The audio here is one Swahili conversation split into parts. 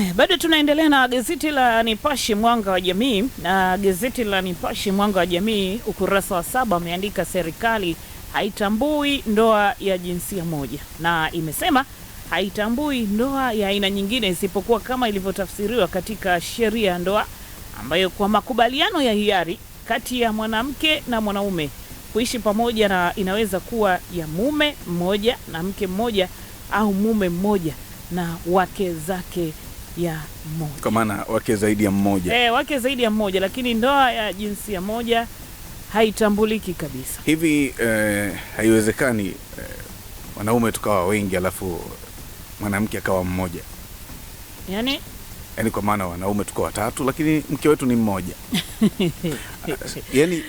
Haya, bado tunaendelea na gazeti la Nipashe Mwanga wa Jamii, na gazeti la Nipashe Mwanga wa Jamii ukurasa wa saba umeandika serikali haitambui ndoa ya jinsia moja, na imesema haitambui ndoa ya aina nyingine isipokuwa kama ilivyotafsiriwa katika sheria ya ndoa, ambayo kwa makubaliano ya hiari kati ya mwanamke na mwanaume kuishi pamoja na inaweza kuwa ya mume mmoja na mke mmoja au mume mmoja na wake zake ya mmoja, kwa maana wake zaidi ya mmoja e, wake zaidi ya mmoja, lakini ndoa ya jinsia moja haitambuliki kabisa hivi eh, haiwezekani eh, wanaume tukawa wengi alafu mwanamke akawa mmoja yani? Yani kwa maana wanaume tuko watatu lakini mke wetu ni mmoja yani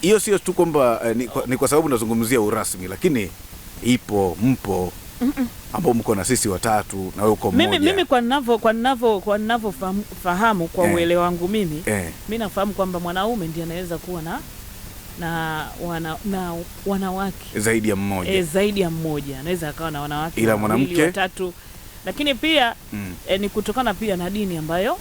hiyo sio tu kwamba eh, ni, ni kwa sababu nazungumzia urasmi, lakini ipo mpo ambao mko na sisi watatu na wewe uko mmoja. Mimi, kwa ninavyo kwa ninavyo kwa ninavyo fahamu kwa eh, uelewa wangu mimi eh, mimi nafahamu kwamba mwanaume ndiye anaweza kuwa na na, wana, na wanawake zaidi ya mmoja e, zaidi ya mmoja anaweza akawa na wanawake ila mwanamke watatu, lakini pia mm. e, ni kutokana pia na dini ambayo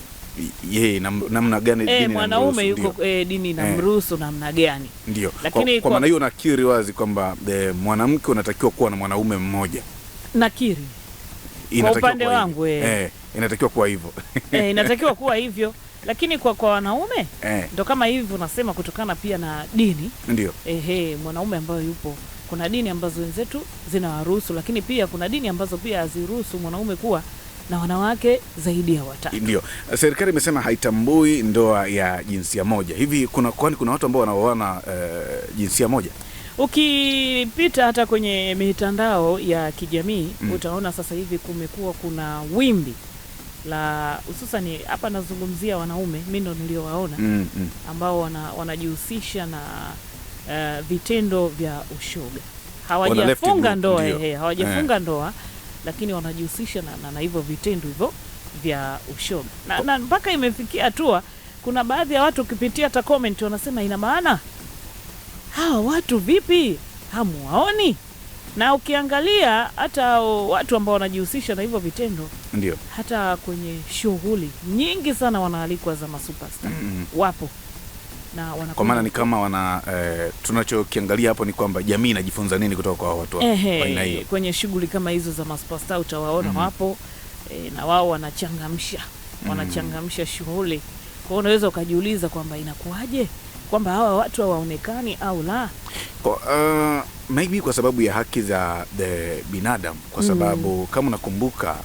yeye namna gani e, dini mwanaume yuko e, dini inamruhusu e, namna gani ndio. Lakini kwa, kwa, kwa maana hiyo nakiri wazi kwamba mwanamke unatakiwa kuwa na mwanaume mmoja nakiri kwa upande wangu eh. Eh, inatakiwa kuwa hivyo e, inatakiwa kuwa hivyo lakini kwa kwa wanaume eh, ndo kama hivi nasema, kutokana pia na dini ndio ehe mwanaume ambayo yupo kuna dini ambazo wenzetu zinawaruhusu, lakini pia kuna dini ambazo pia haziruhusu mwanaume kuwa na wanawake zaidi ya watatu. Ndio serikali imesema haitambui ndoa ya jinsia moja hivi. Kuna kwani kuna watu ambao wanaoana uh, jinsia moja Ukipita hata kwenye mitandao ya kijamii mm. utaona sasa hivi kumekuwa kuna wimbi la hususani, hapa nazungumzia wanaume, mi ndo niliowaona mm, mm. ambao wana, wanajihusisha na uh, vitendo vya ushoga, hawajafunga ndoa eh, hawajafunga yeah. ndoa lakini wanajihusisha na, na, na hivyo vitendo hivyo vya ushoga na mpaka imefikia hatua kuna baadhi ya watu ukipitia hata comment wanasema ina maana hawa watu vipi, hamwaoni? Na ukiangalia hata watu ambao wanajihusisha na hivyo vitendo, ndio hata kwenye shughuli nyingi sana wanaalikwa za masuperstar mm -hmm. wapo na kwa maana ni kama wana eh, tunachokiangalia hapo ni kwamba jamii inajifunza nini kutoka kwa watu aina hiyo. Kwenye shughuli kama hizo za masuperstar utawaona mm -hmm. wapo eh, na wao wanachangamsha wanachangamsha shughuli. Kwa unaweza ukajiuliza kwamba inakuwaje kwamba hawa watu hawaonekani au la? Uh, maybe kwa sababu ya haki za binadamu, kwa mm. sababu mm. kama unakumbuka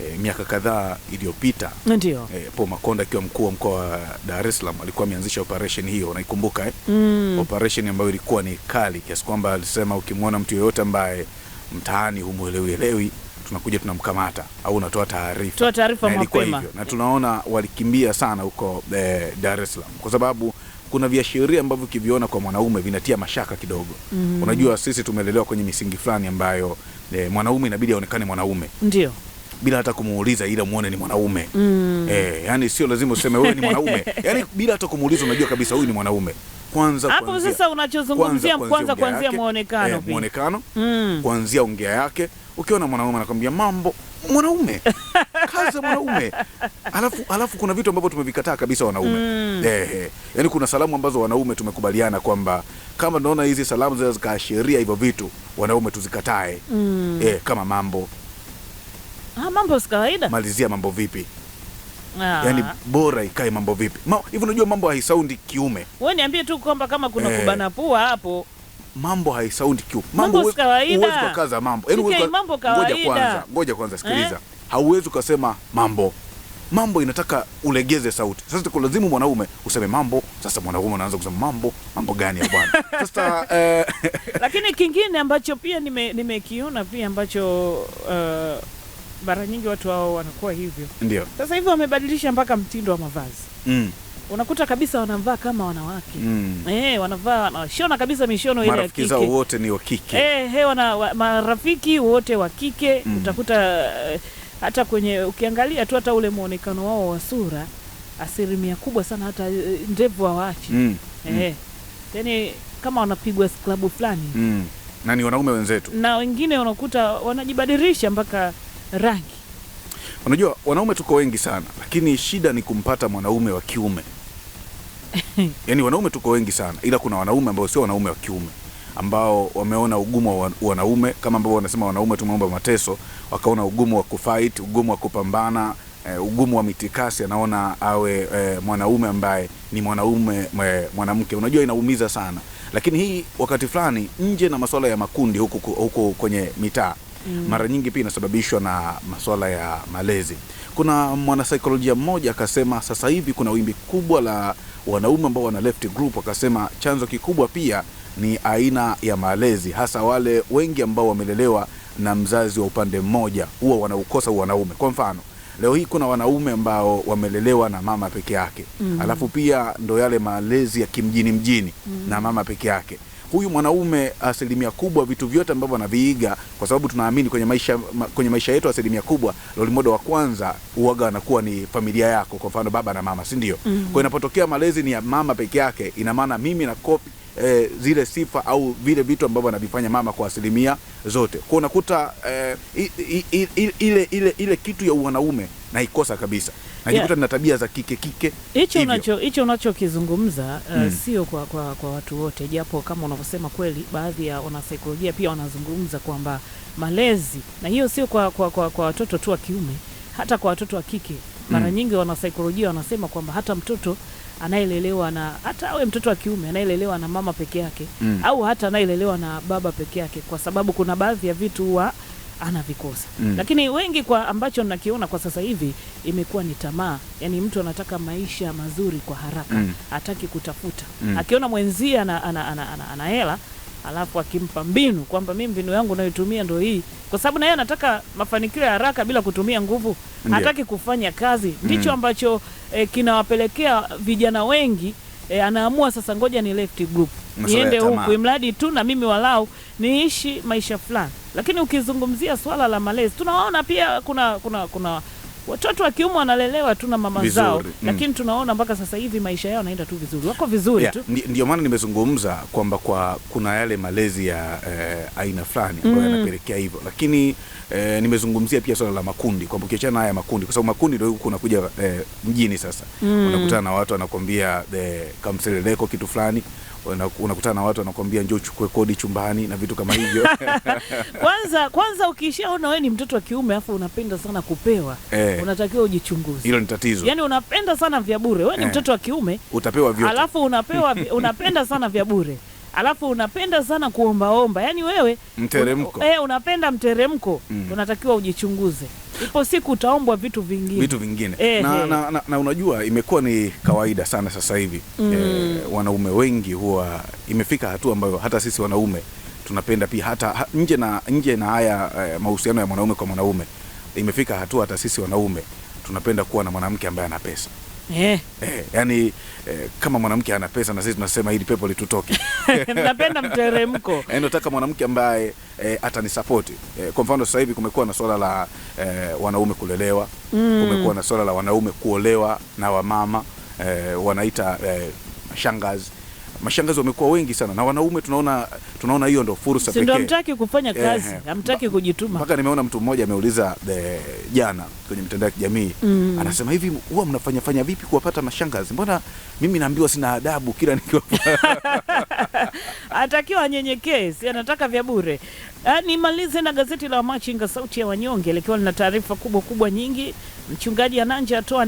E, miaka kadhaa iliyopita ndio e, eh, po Makonda akiwa mkuu wa mkoa wa Dar es Salaam alikuwa ameanzisha operation hiyo, unaikumbuka eh? mm. operation ambayo ilikuwa ni kali kiasi kwamba alisema ukimwona mtu yeyote ambaye mtaani humwelewielewi, tunakuja tunamkamata au unatoa taarifa, toa taarifa mapema. na tunaona walikimbia sana huko e, Dar es Salaam kwa sababu kuna viashiria ambavyo ukiviona kwa mwanaume vinatia mashaka kidogo. mm -hmm. Unajua sisi tumelelewa kwenye misingi fulani ambayo e, mwanaume inabidi aonekane mwanaume ndio bila hata kumuuliza ila muone ni mwanaume mm. E, yani sio lazima useme wewe ni mwanaume yani, bila hata kumuuliza unajua kabisa huyu ni mwanaume kwanza. Hapo sasa unachozungumzia kwanza kuanzia muonekano, eh, muonekano mm. kuanzia ongea yake. Ukiona mwanaume anakwambia mambo mwanaume kazi ya mwanaume. Alafu, alafu kuna vitu ambavyo tumevikataa kabisa wanaume mm. Eh, yani kuna salamu ambazo wanaume tumekubaliana kwamba kama tunaona hizi salamu zinaweza zikaashiria hivyo vitu wanaume tuzikatae mm. Eh, kama mambo ah, mambo si kawaida. Malizia mambo vipi? Aa. Ah. Yani bora ikae mambo vipi hivi. Unajua mambo haisaundi kiume. Wewe niambie tu kwamba kama kuna eh, kubana pua hapo mambo haisaundi kiume. Mambo si kawaida. Uwezi kukaza mambo. Yaani mambo kawaida. Ngoja kwanza, ngoja kwanza sikiliza. Eh? hauwezi ukasema mambo. Mambo inataka ulegeze sauti. Sasa kulazimu mwanaume useme mambo. Sasa mwanaume anaanza kusema mambo, mambo gani ya bwana? Sasa eh... lakini kingine ambacho pia nimekiona nime pia ambacho uh, mara nyingi watu hao wanakuwa hivyo. Ndio sasa hivi wamebadilisha mpaka mtindo wa mavazi mm. Unakuta kabisa wanavaa kama wanawake mm. Eh, wanavaa wanashona kabisa mishono ile ya kike. Marafiki zao wote ni wa kike eh, he, eh, wana, wa, marafiki wote wa kike mm. Utakuta uh, hata kwenye ukiangalia tu hata ule mwonekano wao wa sura, asilimia kubwa sana hata eh, ndevu hawaachi mm. eh. Mm. Yani kama wanapigwa klabu fulani mm. na ni wanaume wenzetu, na wengine unakuta wanajibadilisha mpaka rangi. Unajua wanaume tuko wengi sana, lakini shida ni kumpata mwanaume wa kiume yani wanaume tuko wengi sana, ila kuna wanaume ambao sio wanaume wa kiume ambao wameona ugumu wa wanaume kama ambavyo wanasema wanaume tumeomba mateso, wakaona ugumu wa kufight, ugumu wa kupambana E, ugumu wa mitikasi. Anaona awe e, mwanaume ambaye ni mwanaume eh, mwanamke, unajua inaumiza sana. Lakini hii wakati fulani nje na masuala ya makundi huku, huku kwenye mitaa mm. mara nyingi pia inasababishwa na masuala ya malezi. Kuna mwanasaikolojia mmoja akasema sasa hivi kuna wimbi kubwa la wanaume ambao wana left group, akasema chanzo kikubwa pia ni aina ya malezi, hasa wale wengi ambao wamelelewa na mzazi wa upande mmoja, huwa wanaukosa wanaume. Kwa mfano leo hii kuna wanaume ambao wamelelewa na mama peke yake mm. Alafu pia ndo yale malezi ya kimjini mjini mm. na mama peke yake Huyu mwanaume asilimia kubwa vitu vyote ambavyo anaviiga, kwa sababu tunaamini kwenye maisha, kwenye maisha yetu asilimia kubwa lolimodo wa kwanza uwaga anakuwa ni familia yako, kwa mfano baba na mama, si ndio? mm -hmm. Kwa inapotokea malezi ni ya mama peke yake, ina maana mimi na kopi eh, zile sifa au vile vitu ambavyo anavifanya mama kwa asilimia zote. Kwa unakuta eh, ile, ile, ile, ile kitu ya wanaume naikosa kabisa najikuta yeah. na tabia za kike kike. Hicho unacho hicho unachokizungumza uh, mm. sio kwa, kwa, kwa watu wote, japo kama unavyosema kweli, baadhi ya wanasaikolojia pia wanazungumza kwamba malezi, na hiyo sio kwa, kwa, kwa, kwa watoto tu wa kiume, hata kwa watoto wa kike mara mm. nyingi wanasaikolojia wanasema kwamba hata mtoto anayelelewa na hata awe mtoto wa kiume anayelelewa na mama peke yake mm. au hata anayelelewa na baba peke yake, kwa sababu kuna baadhi ya vitu huwa anavikosa mm. Lakini wengi kwa ambacho nakiona kwa sasa hivi imekuwa ni tamaa, yani mtu anataka maisha mazuri kwa haraka mm. Hataki kutafuta mm. Akiona mwenzie ana, ana, ana, ana, ana, ana hela alafu akimpa mbinu kwamba mi mbinu yangu nayotumia ndo hii, kwa sababu na yeye anataka mafanikio ya haraka bila kutumia nguvu, hataki kufanya kazi. Ndicho mm. ambacho eh, kinawapelekea vijana wengi e, anaamua sasa, ngoja ni left group niende huku, imradi tu na mimi walau niishi maisha fulani. Lakini ukizungumzia swala la malezi, tunaona pia kuna kuna kuna watoto wa kiume wanalelewa tu na mama zao zao, mm. lakini tunaona mpaka sasa hivi maisha yao yanaenda tu vizuri, wako vizuri yeah, tu. Ndio maana nimezungumza kwamba kwa kuna yale malezi ya eh, aina fulani ambayo mm, yanapelekea hivyo, lakini eh, nimezungumzia pia swala la makundi, kwamba ukiachana na haya makundi, kwa sababu makundi ndio huko unakuja eh, mjini sasa mm, unakutana na watu wanakwambia the eh, kamseleleko kitu fulani unakutana na watu wanakuambia njoo uchukue kodi chumbani na vitu kama hivyo. Kwanza kwanza ukishaona wewe ni mtoto wa kiume afu unapenda sana kupewa eh, unatakiwa ujichunguze. Hilo ni tatizo. yani unapenda sana vya bure. Wewe ni eh, mtoto wa kiume utapewa vyote. Alafu unapewa unapenda sana vya bure. alafu unapenda sana kuombaomba, yaani wewe mteremko. Eh, unapenda mteremko mm. Unatakiwa ujichunguze, ipo siku utaombwa vitu vingine, vitu vingine eh, na, eh. Na, na, na unajua imekuwa ni kawaida sana sasa hivi mm. Eh, wanaume wengi huwa imefika hatua ambayo hata sisi wanaume tunapenda pia hata ha, nje na nje na haya eh, mahusiano ya mwanaume kwa mwanaume, imefika hatua hata sisi wanaume tunapenda kuwa na mwanamke ambaye ana pesa. Eh. Eh, yani eh, kama mwanamke ana pesa na sisi tunasema hili pepo litutoke. Napenda mteremko. Eh, nataka mwanamke ambaye eh, atanisapoti. Eh, kwa mfano sasa hivi kumekuwa na swala la eh, wanaume kulelewa, mm. Kumekuwa na swala la wanaume kuolewa na wamama eh, wanaita eh, shangazi mashangazi wamekuwa wengi sana na wanaume tunaona tunaona hiyo ndio fursa pekee. Ndio hamtaki kufanya kazi, hamtaki kujituma. Mpaka nimeona mtu mmoja ameuliza eh, jana kwenye mitandao ya kijamii mm. anasema hivi, huwa mnafanya fanya vipi kuwapata mashangazi? Mbona mimi naambiwa sina adabu kila nikiwa atakiwa anyenyekee, si anataka vya bure. Eh, nimalize na gazeti la Wamachinga, sauti ya wanyonge, likiwa lina taarifa kubwa kubwa nyingi. Mchungaji Ananja atoa